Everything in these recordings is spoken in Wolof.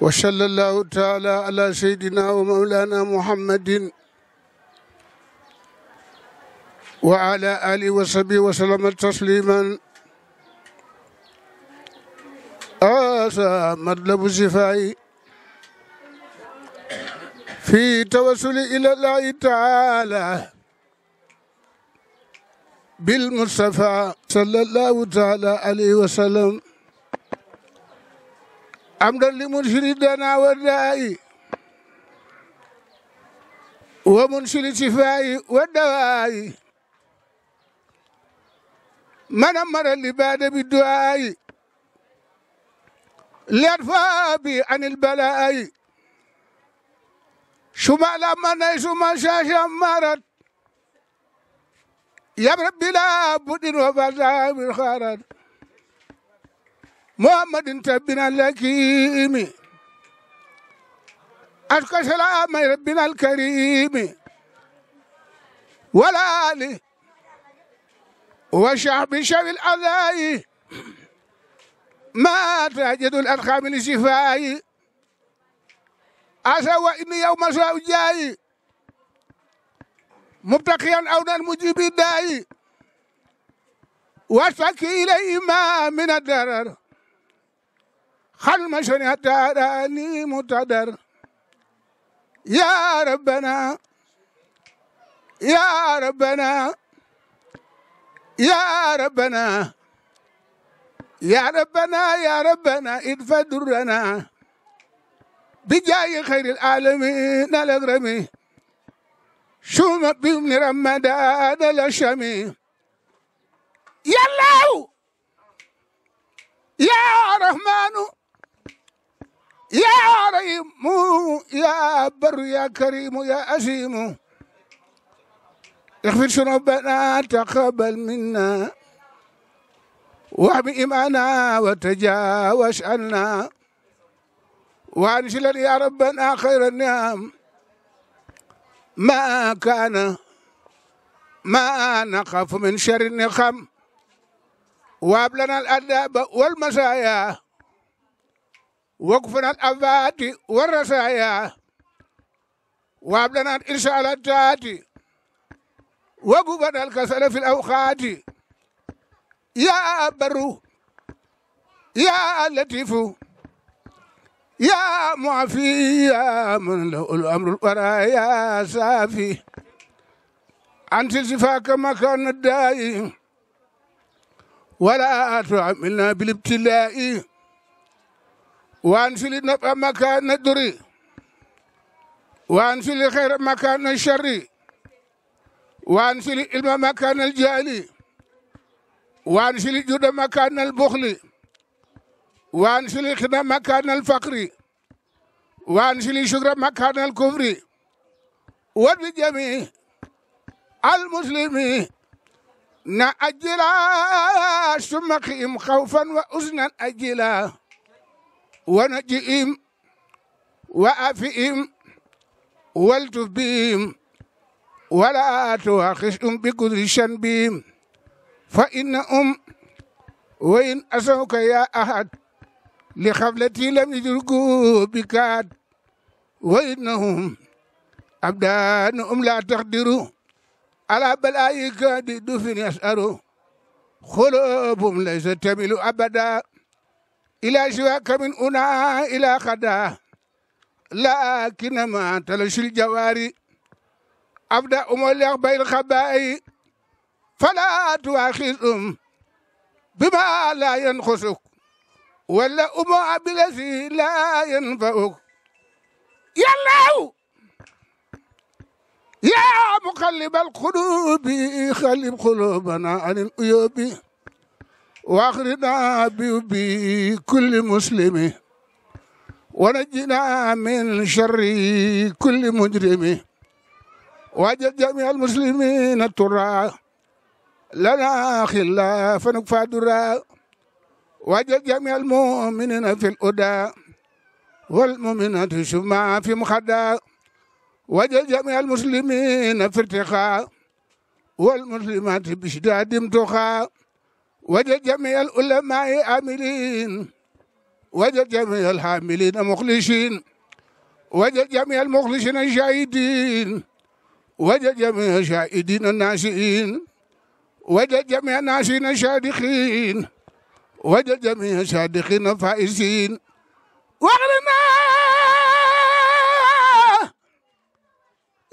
وصلى الله تعالى على سيدنا ومولانا محمد وعلى آله وصحبه وسلم تسليما آسى مطلب الشفاء في توسل إلى الله تعالى بالمصطفى صلى الله تعالى عليه وسلم amdan li munshidina wa daa'i wa munshidi shifaa'i wa dawaa'i man amara al-ibaada bid-du'aa'i ليرفع بي عن البلاء شما لما نيس ما شاشا مرت يا رب لا بد وفزع بالخيرات محمد تبنا الحكيم أشكى سلام ربنا الكريم ولا آله وشعب شر الأذى ما تجد الأرخام لشفائي عسى وإن يوم سوء جاي مبتقيا أو مجيب الداي واشتكي إليه ما من الضرر خل مشني حتى راني متدر يا ربنا يا ربنا يا ربنا يا ربنا يا ربنا ادفع درنا بجاي خير العالمين الأغرمي شوم بيوم رمضان الأشمي يا الله يا رحمن يا ريم يا بر يا كريم يا أزيم اغفر شربنا تقبل منا واحم إيمانا وتجاوز عنا وأنزل يا ربنا خير النعم ما كان ما نخاف من شر النقم وهب لنا الأدب والمزايا وقفنا الأبات والرسايا وابلنا إنشاء الأتات وقبنا الكسل في الأوقات يا بر يا لطيف يا معفي يا من له الأمر الورى يا سافي أنت شفاك مكان الداء ولا تعملنا بالابتلاء وأن في مكان الدري وأن في الخير مكان الشر وأن في العلم مكان الجهل وأن في الجود مكان البخل وأن في الغنى مكان الفقر وأن في الشكر مكان الكفر وبجميع المسلمين نأجلا ثم قيم خوفا وأزنا أجلا ونجئهم وعافهم والتف بهم ولا تواخذهم بكل شنبهم فإنهم وإن أسوك يا أحد لخفلتي لم يدركوا بكاد وإنهم أبدانهم لا تقدروا على بلائك دفن يسأروا قلوبهم ليست تميل أبدا إلى شواك من أنا إلى خدا لكنما تلش الجواري أبدأ أموليغ بين الخبائي فلا تواخذهم بما لا ينقصك ولا أمع بالذي لا ينفعك يلا يا مقلب القلوب خلب قلوبنا عن الأيوب واغرنا بكل مسلم ونجنا من شر كل مجرم واجد جميع المسلمين ترى لنا خلا فنكفى درا واجد جميع المؤمنين في الأدى والمؤمنات شمع في مخدى واجد جميع المسلمين في ارتخاء والمسلمات بشداد امتخاء wajal jamial ulamaai amilin wajal jamial hamilina muxlisin wajal jamial muxlisina shahidin wajal jamial shahidina nasiin wajal jamial nasiina sadiqin wajal jamial sadiqina faisin waxlina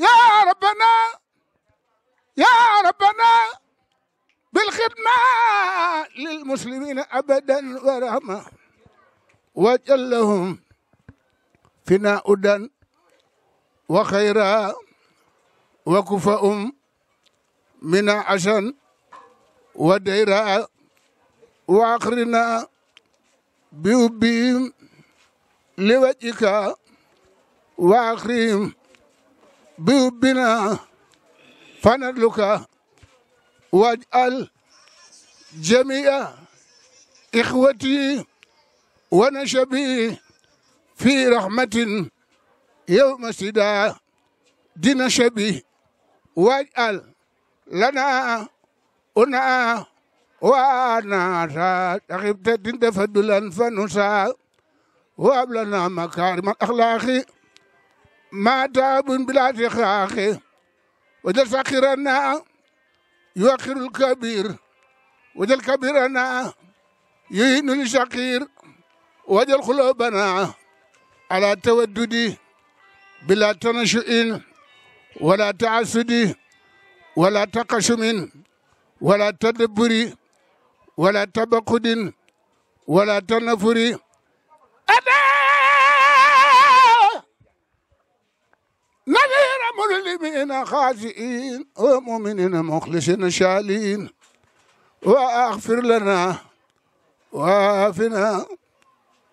ya rabbana ya rabbana بالخدمة للمسلمين أبدا ورحمة وجلهم فناء دن وخيرا وكفأ من عشان وديرا وآخرنا بيوبيم لوجهك وآخرهم بيوبنا فندلك واجعل جميع إخوتي ونشبي في رحمة يوم سدا دنشبي واجعل لنا أنا وأنا تغبت تفضلا فنسا وهب لنا مكارم الأخلاق ما تاب بلا تخاخ وتسخرنا يؤخر الكبير وجل كبيرنا يهين الشقير وجل قلوبنا على التودد بلا تنشؤ ولا تعسد ولا تقشم ولا تدبر ولا تبقد ولا تنفر أبدا مؤمنين خاشئين ومؤمنين مخلصين شالين واغفر لنا وافنا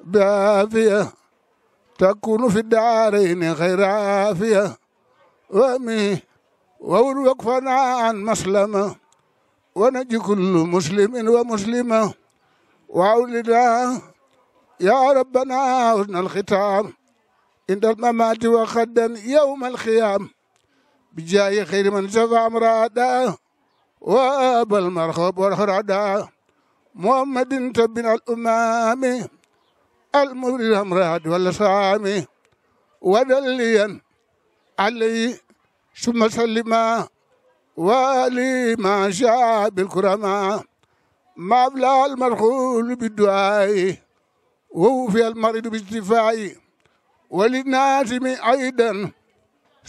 بعافية تكون في الدارين خير عافية وامي ووقفنا عن مسلمة ونجي كل مسلم ومسلمة وأولنا يا ربنا حسن الختام عند الممات وغدا يوم الخيام بجاي خير من شفع مرادا وابا المرخب والحرادا محمد تبنا الامام المبري الامراض والاسام ودليا علي ثم سلما والي ما شاء بالكرماء مبلى المرخول بالدعاء ووفي المريض بالشفاء وللناس ايضا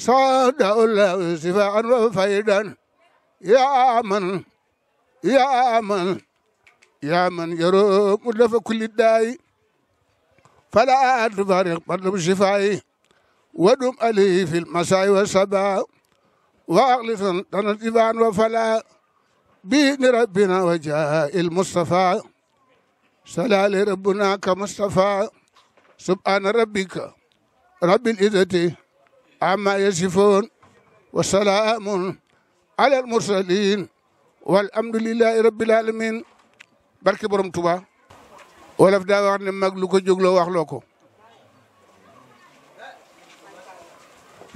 صاد الله شفاء وفيدا يا من يا من يا من يروم لف كل الداي فلا تفارق مطلب شفائي ودم عليه في المساء والصباح واخلص لنا الإيمان وفلا بإذن ربنا وجاء المصطفى صلى ربنا كمصطفى سبحان ربك رب العزة عما يصفون وسلام على المرسلين والحمد لله رب العالمين barke borom Tuba wolof daa wax ne mag lu ko jógloo wax loo ko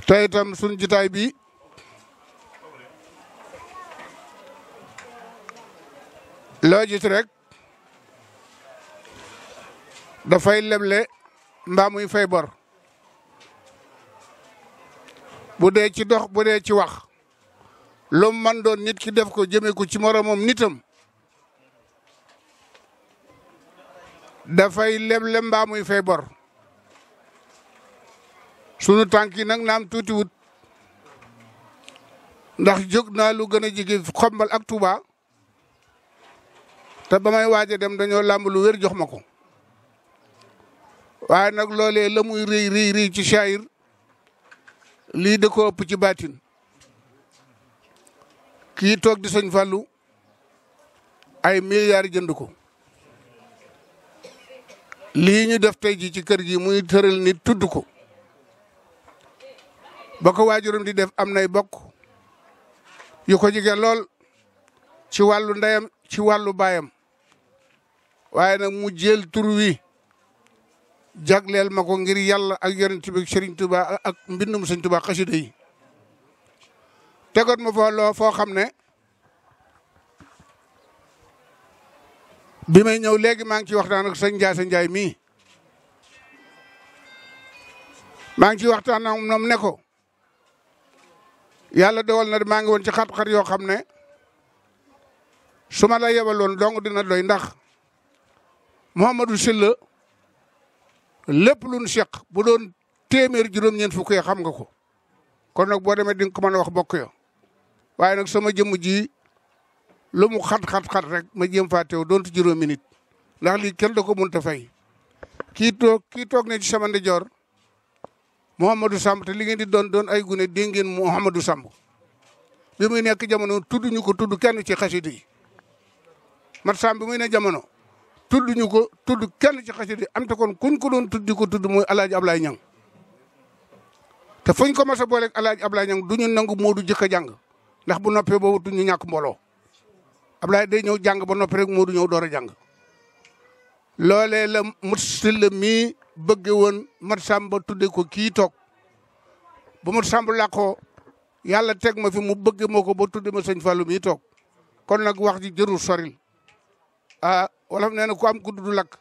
tey itam sunu jitaay bi loo gis rek dafay leble mbaa muy fay bor bu dee ci dox bu dee ci wax lu man doon nit ki def ko jëme ko ci moromam nitam dafay leble mbaa muy fay bor sunu tànk yi nag naam tuuti wut ndax jóg naa lu gën a jege xombal ak Touba te ba may waaj a dem dañoo làmb lu wér jox ma ko waaye nag loolee la muy rëy rëy ci saayir lii da ko ëpp ci baatin kii toog di sëñ Fallou ay milliards jënd ko lii ñu def tey ji ci kër ji muy tëral ni tudd ko ba ko waajuram di def am nay bokk yu ko jige lool ci wàllu ndeyam ci wàllu baayam waaye nag mu tur wi jagleel ma ko ngir yàlla ak yonent bi Serigne ak mbindum Serigne Touba xasida yi tegoon ma foo loo foo xam ne bi may ñëw léegi maa ngi ciy waxtaan ak sëñ Ndiaye sëñ Ndiaye mii maa ngi ciy waxtaan ak moom ne ko yàlla dewal na maa ngi woon ci xat-xat yoo xam ne suma ma la yebaloon dong dina doy ndax Mouhamadou Sylla lépp luñ seq bu doon téeméer juróom-ñeent fukk yi xam nga ko kon nag boo demee di nga ko mën a wax bokk yo waaye nag sama jëmm ji lu mu xat-xat-xat rek ma jéem faa teew doontu juróomi nit ndax lii kenn da ko mënta fay kii toog kii toog ne ci sama ndijoor Mouhamadou Samb te li ngeen di doon doon ay gune dégg ngeen Mouhamadou Samb bi muy nekk jamono tudd ñu ko tudd kenn ci xasida yi bi muy ne jamono tudd ñu ko tudd kenn ci xasida am te kon kuñ ko doon tudd di ko tudd mooy alaaji Ablaye Ñang te fuñ ko mas a booleeg alaaji Ablaye Ñang du ñu nangu Moodu jëkk a jàng ndax bu noppee boobu du ñu ñàkk mbooloo Ablaye day ñëw jàng ba noppi rek Moodu ñëw door a jàng loolee la mu la mii bëgge woon Mat Samba tudde ko kii toog bu Mat Samba làqoo yàlla teg ma fi mu bëgge moo ko ba tuddee ma sëñ Fallou mii toog kon nag wax ji jërul soril ah, wolof nee na ku am gudd du lakk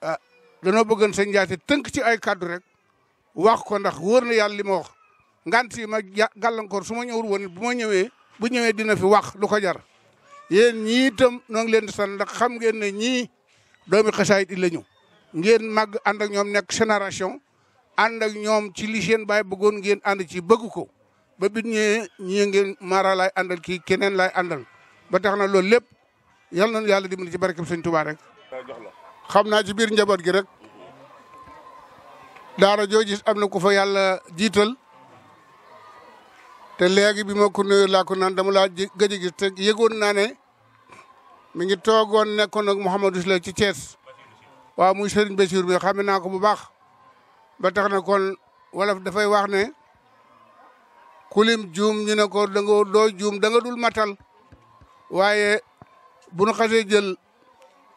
ah, danoo bëggoon sëñ Ndiaye tënk ci ay kàddu rek wax ko ndax wóor na yàlla li ma wax ngant yi ma gàllankoor su ma ñëwul woon bu ma ñëwee bu ñëwee dina fi wax lu ko jar yéen ñii itam noo ngi leen di sant ndax xam ngeen ne ñii doomi xasaayit yi la ñu ngeen màgg ànd ak ñoom nekk génération ànd ak ñoom ci li seen baay bëggoon ngeen ànd ci bëggu ko ba bit ñëwee ñii ngeen mara laay àndal kii keneen laay àndal ba tax na loolu lépp yal nañu yàlla dimbali ci barkeb sëñ Tuubaa rek. xam naa ci biir njaboot gi rek daara joo gis am na ku fa yàlla jiital te léegi bi ma ko nuyu laa ko naan dama laa gëj a gis te yëgoon naa ne mi ngi toogoon nekkoon ak Mouhamadou Sylla ci Thiès waaw muy Serigne Bassirou bi xam naa ko bu baax ba tax na kon wolof dafay wax ne. kulim juum ñu ne ko da nga doo juum da dul matal waaye bu nu xasee jël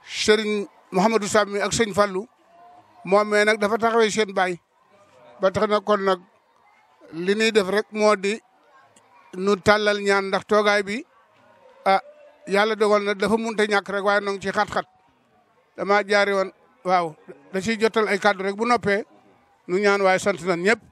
sëriñ Mouhamadou Samb mi ak sëñ Fallou moom mee nag dafa taxawee seen baay ba tax na kon nag li ñuy def rek moo di nu tàllal ñaan ndax toogaay bi ah yàlla dogal na dafa mun a ñàkk rek waaye noo ngi ci xat-xat dama jaari woon waaw da ciy jotal ay kaddu rek bu noppee nu ñaan waaye sant nañ ñëpp.